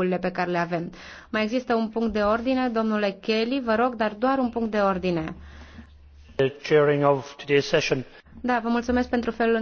calculele pe care le avem. Mai există un punct de ordine, domnule Kelly, vă rog, dar doar un punct de ordine. Da, vă mulțumesc pentru felul în